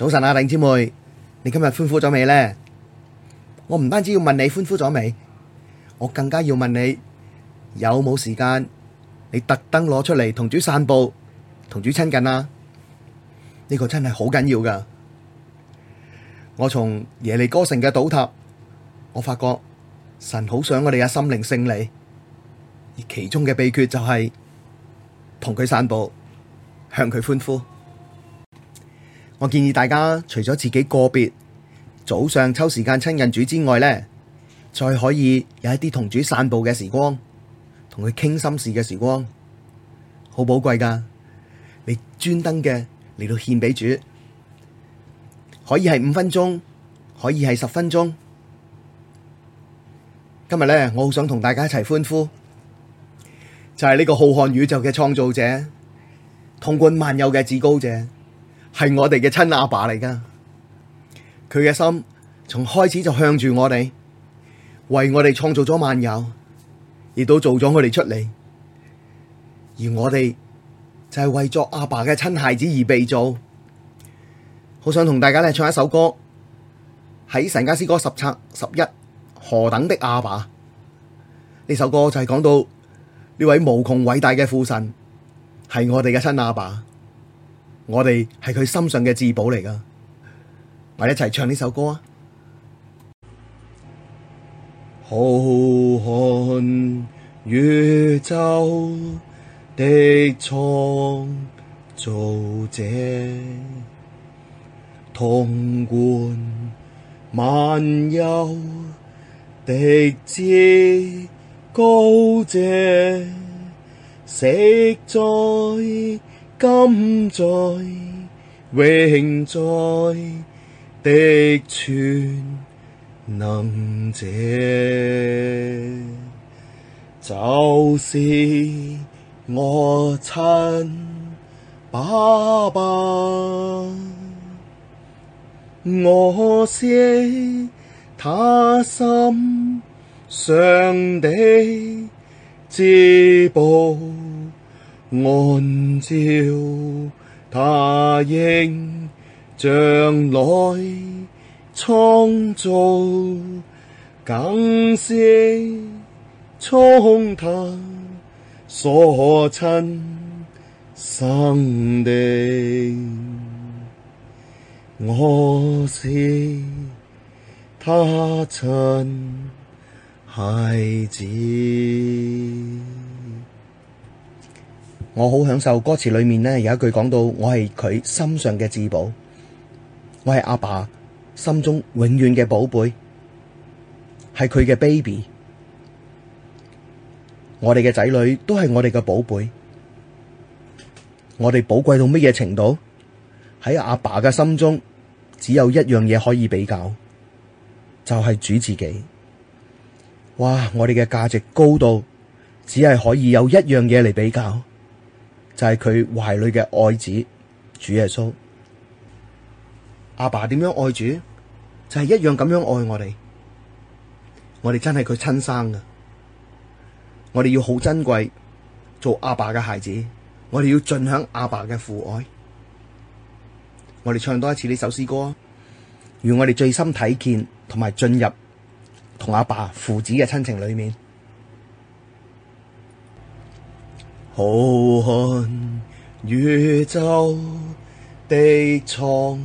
早晨啊，弟兄姊妹，你今日歡呼咗未呢？我唔單止要問你歡呼咗未，我更加要問你有冇時間，你特登攞出嚟同主散步，同主親近啊，呢、這個真係好緊要噶。我從耶利哥城嘅倒塌，我發覺神好想我哋嘅心靈勝利，而其中嘅秘訣就係同佢散步，向佢歡呼。我建議大家除咗自己個別早上抽時間親近主之外呢，再可以有一啲同主散步嘅時光，同佢傾心事嘅時光，好寶貴㗎。你專登嘅嚟到獻俾主，可以係五分鐘，可以係十分鐘。今日呢，我好想同大家一齊歡呼，就係呢個浩瀚宇宙嘅創造者，統管萬有嘅至高者。係我哋嘅親阿爸嚟噶，佢嘅心從開始就向住我哋，為我哋創造咗萬有，亦都做咗我哋出嚟，而我哋就係為咗阿爸嘅親孩子而被造。好想同大家咧唱一首歌，喺神家詩歌十冊十一何等的阿爸，呢首歌就係講到呢位無窮偉大嘅父神係我哋嘅親阿爸。我哋係佢心上嘅至寶嚟㗎，我哋一齊唱呢首歌啊！浩瀚宇宙的創造者，統管萬有的至高者，昔在。今在永在的全能者，就是我親爸爸。我是他心上的至寶。按照他形象來創造，更是從他所親生的，我是他親孩子。我好享受歌詞裏面咧有一句講到我係佢心上嘅至寶，我係阿爸，爸心中永遠嘅寶貝，係佢嘅 baby 我我。我哋嘅仔女都係我哋嘅寶貝，我哋寶貴到乜嘢程度？喺阿爸嘅心中只有一樣嘢可以比較，就係、是、主自己。哇！我哋嘅價值高度，只係可以有一樣嘢嚟比較。就係佢懷裏嘅愛子主耶穌，阿爸點樣愛主？就係一樣咁樣愛我哋，我哋真係佢親生噶，我哋要好珍貴做阿爸嘅孩子，我哋要盡享阿爸嘅父愛。我哋唱多一次呢首詩歌，讓我哋最深體見同埋進入同阿爸父子嘅親情裏面。浩瀚宇宙的創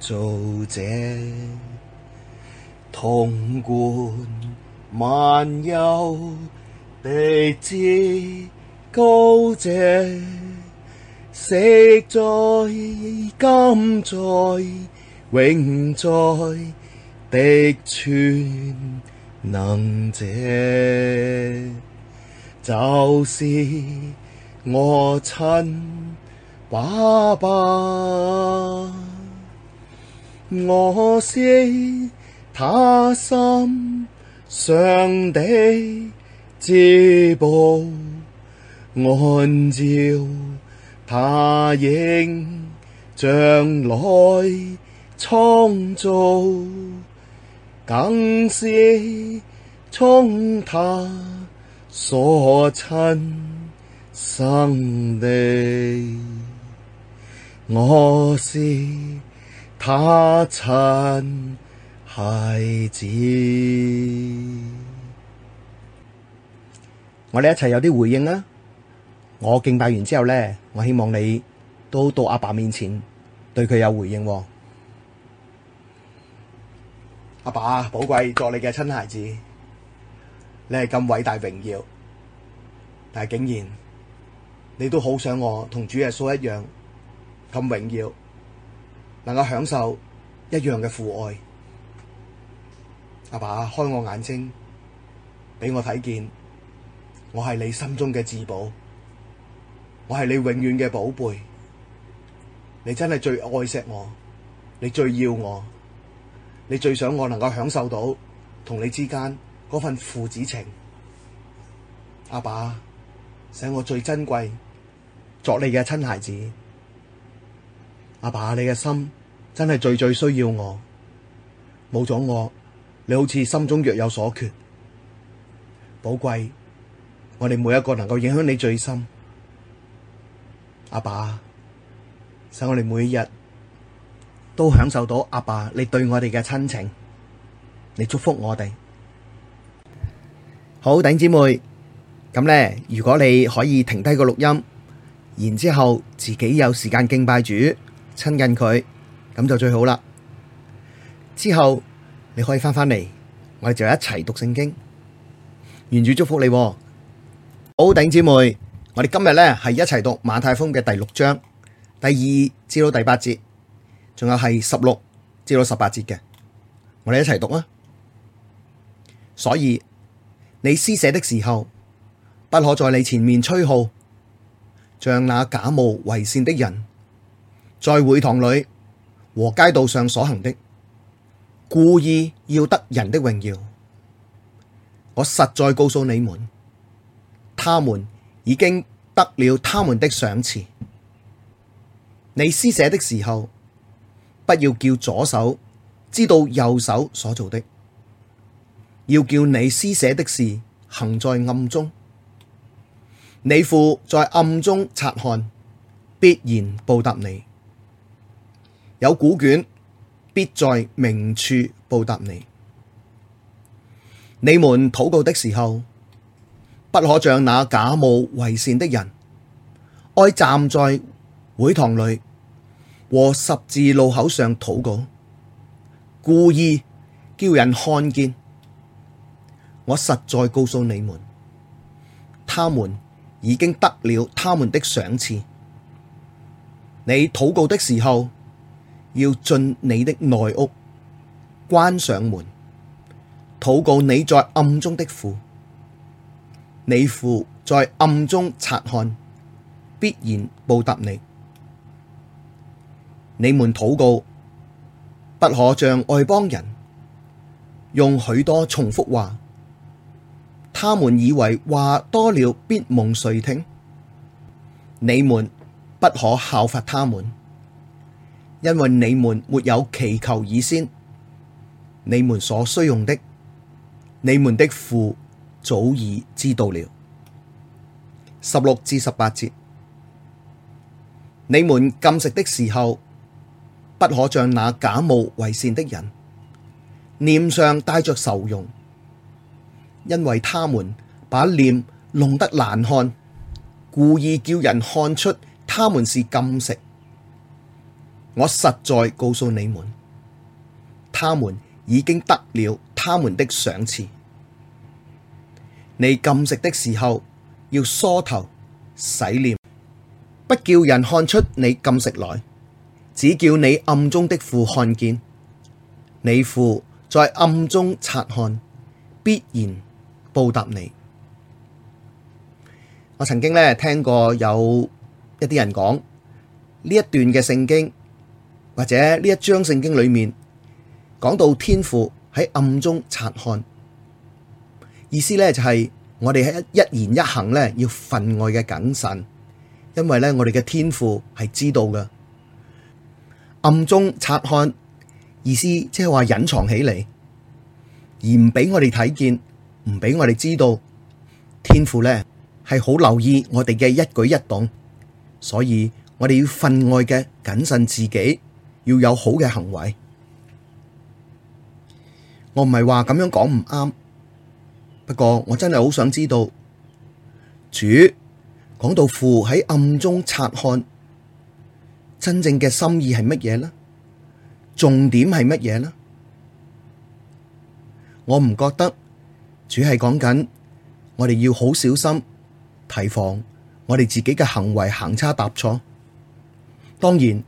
造者，統管萬有的至高者，昔在今在永在的全能者。就是我親爸爸，我是他心上的至寶，按照他形像來創造，更是從他所親生的，我是他親孩子。我哋一齊有啲回應啦。我敬拜完之後呢，我希望你都到阿爸面前，對佢有回應喎。阿爸，寶貴做你嘅親孩子。你係咁偉大榮耀，但係竟然你都好想我同主耶穌一樣咁榮耀，能夠享受一樣嘅父愛，阿爸，開我眼睛俾我睇見，我係你心中嘅至寶，我係你永遠嘅寶貝，你真係最愛錫我，你最要我，你最想我能夠享受到同你之間，嗰份父子情，阿爸，使我最珍貴，作你嘅親孩子，阿爸，你嘅心真係最最需要我，冇咗我，你好似心中若有所缺，寶貴，我哋每一個能夠影響你最深，阿爸，使我哋每一日都享受到阿爸你對我哋嘅親情，你祝福我哋。好，弟兄姊妹，咁呢，如果你可以停低個錄音，然之後自己有時間敬拜主，親近佢，咁就最好啦。之後你可以返返嚟，我哋就一齊讀聖經，願主祝福你。好，弟兄姊妹，我哋今日呢係一齊讀馬太福音嘅第六章第二至到第八節，仲有係十六至到十八節嘅，我哋一齊讀啊。所以。你施捨的時候，不可在你前面吹號，像那假冒為善的人，在會堂裡和街道上所行的，故意要得人的榮耀。我實在告訴你們，他們已經得了他們的賞賜。你施捨的時候，不要叫左手知道右手所做的。要叫你施捨的事行在暗中，你父在暗中察看，必然報答你。有古卷必在明處報答你。你們禱告的時候，不可像那假冒為善的人，愛站在會堂裡和十字路口上禱告，故意叫人看見。我實在告訴你們，他們已經得了他們的賞賜。你禱告的時候，要進你的內屋，關上門，禱告你在暗中的父，你父在暗中察看，必然報答你。你們禱告，不可像外邦人，用許多重複話。他們以為話多了必蒙垂聽，你們不可效法他們，因為你們沒有祈求以先，你們所需用的，你們的父早已知道了。十六至十八節，你們禁食的時候，不可像那假冒為善的人，臉上帶着愁容。因為他們把臉弄得難看，故意叫人看出他們是禁食。我實在告訴你們，他們已經得了他們的賞賜。你禁食的時候，要梳頭洗臉，不叫人看出你禁食來，只叫你暗中的父看見。你父在暗中察看，必然。報答你。我曾經咧聽過有一啲人講呢一段嘅聖經，或者呢一章聖經裏面講到天父喺暗中察看，意思咧就係我哋喺一言一行咧要分外嘅謹慎，因為咧我哋嘅天父係知道嘅。暗中察看，意思即係話隱藏起嚟，而唔俾我哋睇見。唔俾我哋知道，天父呢係好留意我哋嘅一舉一動，所以我哋要分外嘅謹慎自己，要有好嘅行為。我唔係話咁樣講唔啱，不過我真係好想知道，主講到父喺暗中察看，真正嘅心意係乜嘢呢？重點係乜嘢呢？我唔覺得。主係講緊，我哋要好小心提防我哋自己嘅行為行差踏錯。當然，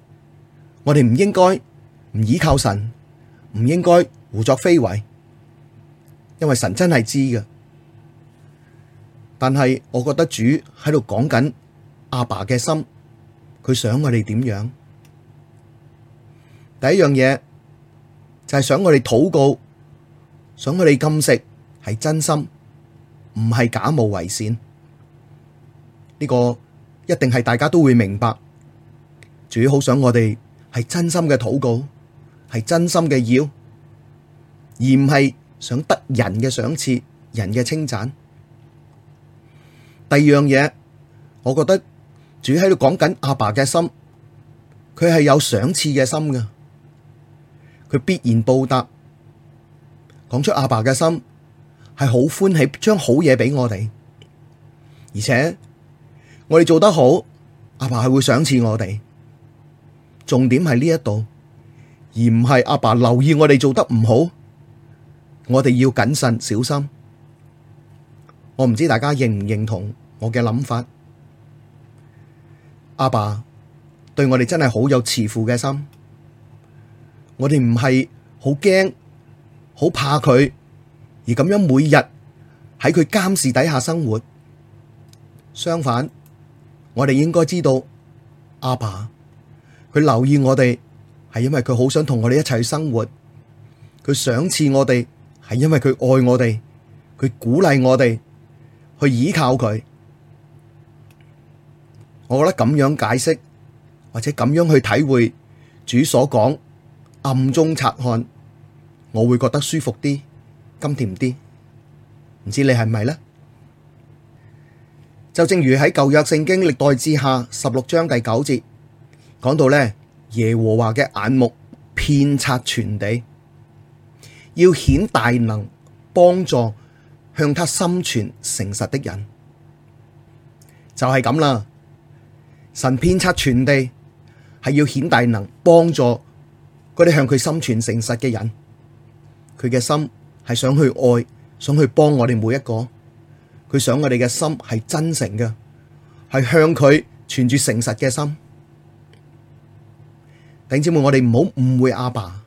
我哋唔應該唔依靠神，唔應該胡作非為，因為神真係知嘅。但係我覺得主喺度講緊阿爸嘅心，佢想我哋點樣？第一樣嘢就係想我哋禱告，想我哋禁食。係真心，唔係假冒為善。呢個一定係大家都會明白。主好想我哋係真心嘅禱告，係真心嘅要，而唔係想得人嘅賞賜、人嘅稱讚。第二樣嘢，我覺得主喺度講緊阿爸嘅心，佢係有賞賜嘅心㗎，佢必然報答。講出阿爸嘅心。係好歡喜將好嘢俾我哋，而且我哋做得好，阿爸係會賞賜我哋。重點係呢一度，而唔係阿爸留意我哋做得唔好。我哋要謹慎小心。我唔知大家認唔認同我嘅諗法。阿爸對我哋真係好有慈父嘅心，我哋唔係好驚、好怕佢。而咁樣每日喺佢監視底下生活，相反，我哋應該知道阿爸佢留意我哋，係因為佢好想同我哋一齊生活；佢賞賜我哋，係因為佢愛我哋；佢鼓勵我哋去依靠佢。我覺得咁樣解釋或者咁樣去體會主所講暗中察看，我會覺得舒服啲。甘甜啲，唔知你係咪呢？就正如喺舊約聖經歷代志下十六章第九節講到咧，耶和華嘅眼目遍察全地，要顯大能幫助向他心存誠實的人，就係咁啦。神遍察全地，係要顯大能幫助嗰啲向佢心存誠實嘅人，佢嘅心。係想去愛，想去幫我哋每一個。佢想我哋嘅心係真誠嘅，係向佢存住誠實嘅心。弟兄姐妹，我哋唔好誤會阿爸，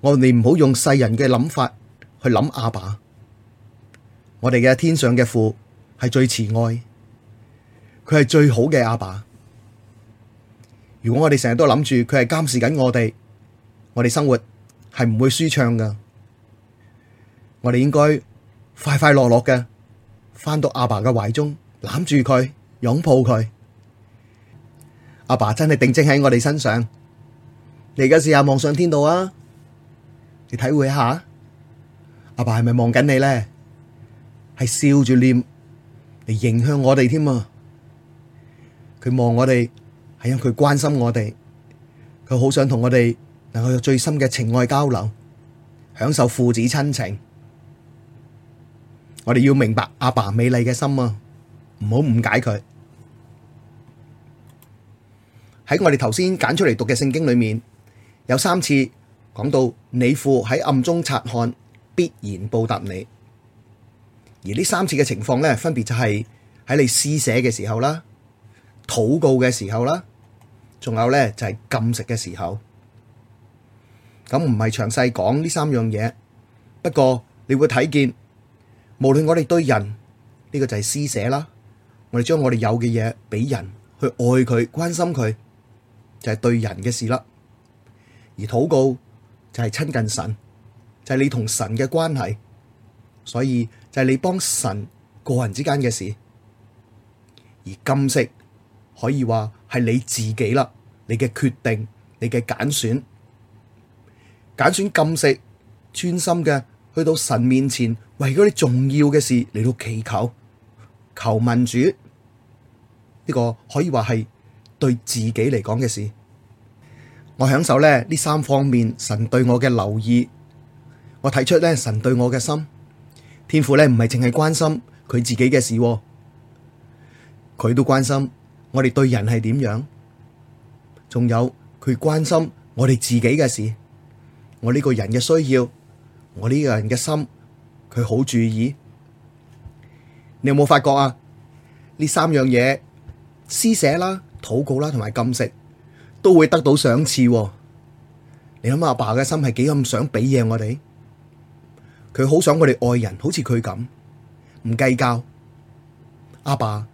我哋唔好用世人嘅諗法去諗阿爸。我哋嘅天上嘅父係最慈愛，佢係最好嘅阿爸。如果我哋成日都諗住佢係監視緊我哋，我哋生活係唔會舒暢噶。我哋應該快快樂樂嘅翻到阿爸嘅懷中，攬住佢，擁抱佢。阿爸真係定睛喺我哋身上，你而家試下望上天度啊！你體會一下，阿爸係咪望緊你咧？係笑住念嚟迎向我哋添啊！佢望我哋，係因佢關心我哋，佢好想同我哋能夠有最深嘅情愛交流，享受父子親情。我哋要明白阿爸美麗嘅心啊，唔好誤解佢。喺我哋頭先揀出嚟讀嘅聖經裏面，有三次講到你父喺暗中察看，必然報答你。而呢三次嘅情況咧，分別就係喺你施捨嘅時候啦、禱告嘅時候啦，仲有咧就係禁食嘅時候。咁唔係詳細講呢三樣嘢，不過你會睇見。無論我哋對人呢個就係施捨啦，我哋將我哋有嘅嘢俾人去愛佢、關心佢，就係對人嘅事啦。而禱告就係親近神，就係你同神嘅關係，所以就係你幫神個人之間嘅事。而禁食可以話係你自己啦，你嘅決定、你嘅揀選、揀選禁食，專心嘅去到神面前。為嗰啲重要嘅事嚟到祈求，求問主，呢個可以話係對自己嚟講嘅事。我享受咧呢三方面神對我嘅留意，我睇出咧神對我嘅心。天父咧唔係淨係關心佢自己嘅事，佢都關心我哋對人係點樣，仲有佢關心我哋自己嘅事，我呢個人嘅需要，我呢個人嘅心。佢好注意，你有冇發覺啊？呢三樣嘢施捨啦、禱告啦同埋禁食，都會得到賞賜。你諗阿爸嘅心係幾咁想俾嘢我哋？佢好想我哋愛人，好似佢咁唔計較。阿爸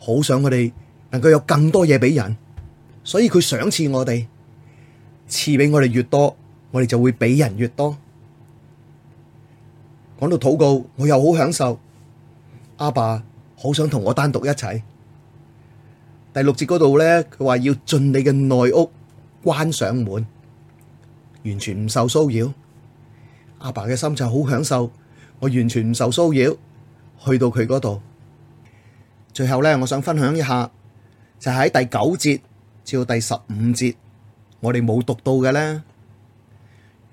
好想我哋能夠有更多嘢俾人，所以佢賞賜我哋，賜俾我哋越多，我哋就會俾人越多。講到禱告，我又好享受。阿爸好想同我單獨一齊。第六節嗰度呢，佢話要進你嘅內屋，關上門，完全唔受騷擾。阿爸嘅心就好享受，我完全唔受騷擾，去到佢嗰度。最後呢，我想分享一下，就係喺第九節至到第十五節，我哋冇讀到嘅呢。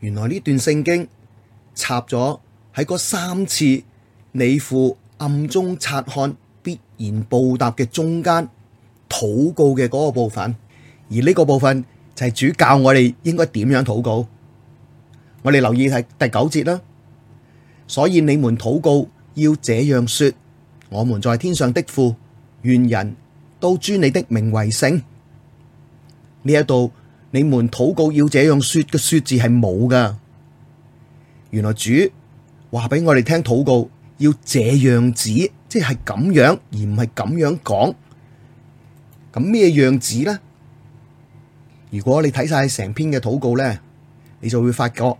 原來呢段聖經插咗。喺嗰三次你父暗中察看，必然報答嘅中間禱告嘅嗰個部分，而呢個部分就係主教我哋應該點樣禱告。我哋留意係第九節啦，所以你們禱告要這樣說：我們在天上的父，願人都尊你的名為聖。呢一度你們禱告要這樣說嘅說字係冇㗎，原來主。話俾我哋聽，禱告要這樣子，即係咁樣，而唔係咁樣講。咁咩樣子呢？如果你睇晒成篇嘅禱告呢，你就會發覺，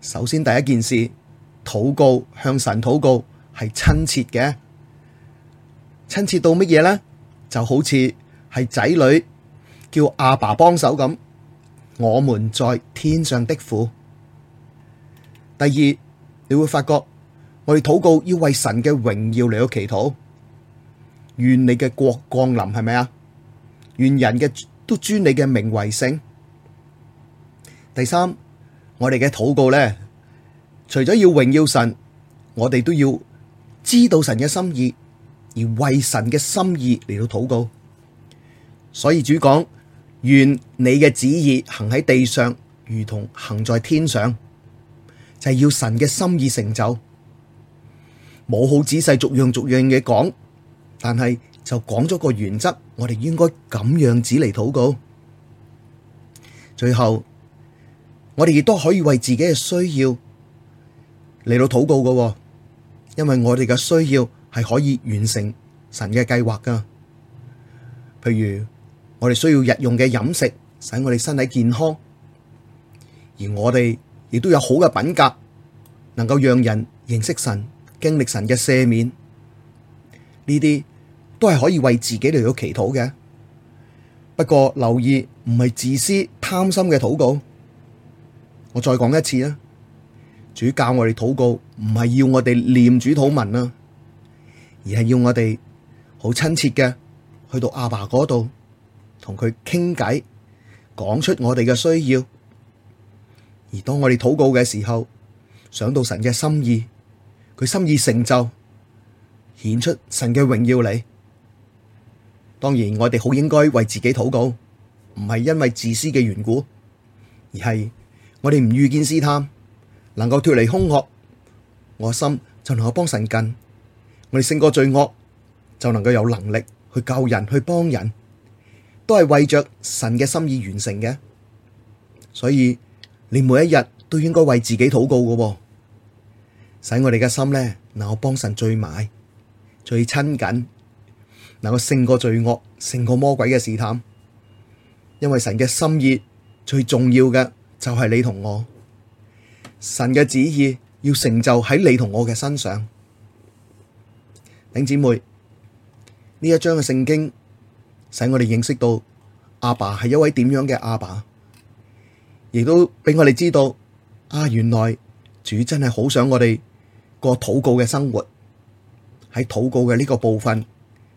首先第一件事，禱告，向神禱告係親切嘅，親切到乜嘢呢？就好似係仔女叫阿爸幫手咁。我們在天上的父。第二。你會發覺，我哋禱告要為神嘅榮耀嚟到祈禱，願你嘅國降臨，係咪啊？願人嘅都尊你嘅名為聖。第三，我哋嘅禱告咧，除咗要榮耀神，我哋都要知道神嘅心意，而為神嘅心意嚟到禱告。所以主講，願你嘅旨意行喺地上，如同行在天上。係要神嘅心意成就，冇好仔細逐樣逐樣嘅講，但係就講咗個原則，我哋應該咁樣子嚟禱告。最後，我哋亦都可以為自己嘅需要嚟到禱告噶，因為我哋嘅需要係可以完成神嘅計劃噶。譬如我哋需要日用嘅飲食，使我哋身體健康，而我哋。亦都有好嘅品格，能夠讓人認識神、經歷神嘅赦免，呢啲都係可以為自己嚟到祈禱嘅。不過留意，唔係自私貪心嘅禱告。我再講一次啊，主教我哋禱告，唔係要我哋念主禱文啊，而係要我哋好親切嘅去到阿爸嗰度，同佢傾偈，講出我哋嘅需要。而當我哋禱告嘅時候，想到神嘅心意，佢心意成就顯出神嘅榮耀嚟。當然，我哋好應該為自己禱告，唔係因為自私嘅緣故，而係我哋唔遇見試探，能夠脫離凶惡，我心就能夠幫神近。我哋勝過罪惡，就能夠有能力去救人，去幫人，都係為着神嘅心意完成嘅。所以。你每一日都應該為自己禱告嘅、哦，使我哋嘅心呢，能夠幫神聚埋、最親近，能夠勝過罪惡，勝過魔鬼嘅試探。因為神嘅心意最重要嘅就係你同我，神嘅旨意要成就喺你同我嘅身上。頂姊妹，呢一章嘅聖經，使我哋認識到阿爸係一位點樣嘅阿爸。亦都俾我哋知道啊，原來主真係好想我哋過禱告嘅生活。喺禱告嘅呢個部分，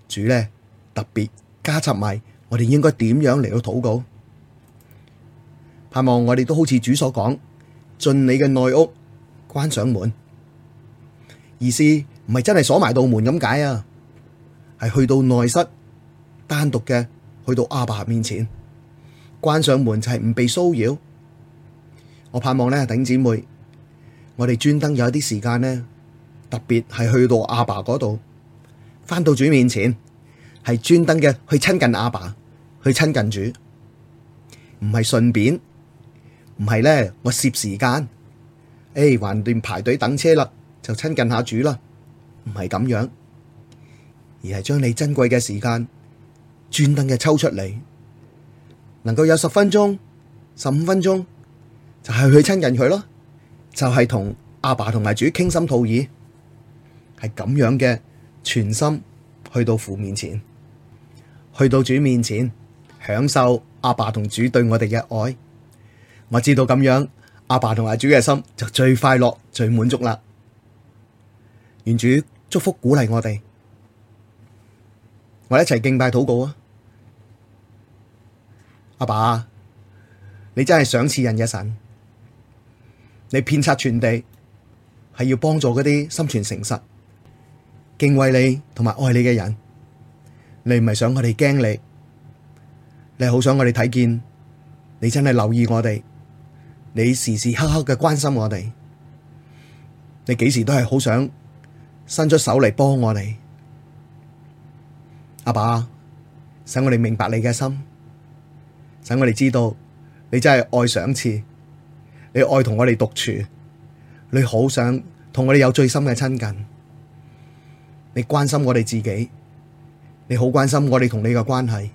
主呢特別加插埋我哋應該點樣嚟到禱告。盼望我哋都好似主所講，進你嘅內屋，關上門，而是唔係真係鎖埋道門咁解啊，係去到內室單獨嘅去到阿爸面前，關上門就係唔被騷擾。我盼望咧，頂姊妹，我哋專登有一啲時間呢，特別係去到阿爸嗰度，返到主面前，係專登嘅去親近阿爸，去親近主，唔係順便，唔係咧我攝時間，誒、哎，橫掂排隊等車啦，就親近下主啦，唔係咁樣，而係將你珍貴嘅時間，專登嘅抽出嚟，能夠有十分鐘、十五分鐘。就係去親近佢咯，就係同阿爸同埋主傾心吐意，係咁樣嘅全心去到父面前，去到主面前，享受阿爸同主對我哋嘅愛。我知道咁樣，阿爸同阿主嘅心就最快樂最滿足啦。願主祝福鼓勵我哋，我一齊敬拜禱告啊！阿爸，爸，你真係賞賜人嘅神。你遍察全地，係要幫助嗰啲心存誠實、敬畏你同埋愛你嘅人。你唔係想我哋驚你，你係好想我哋睇見你真係留意我哋，你時時刻刻嘅關心我哋，你幾時都係好想伸出手嚟幫我哋，阿爸，爸，使我哋明白你嘅心，使我哋知道你真係愛賞賜。你愛同我哋獨處，你好想同我哋有最深嘅親近。你關心我哋自己，你好關心我哋同你嘅關係。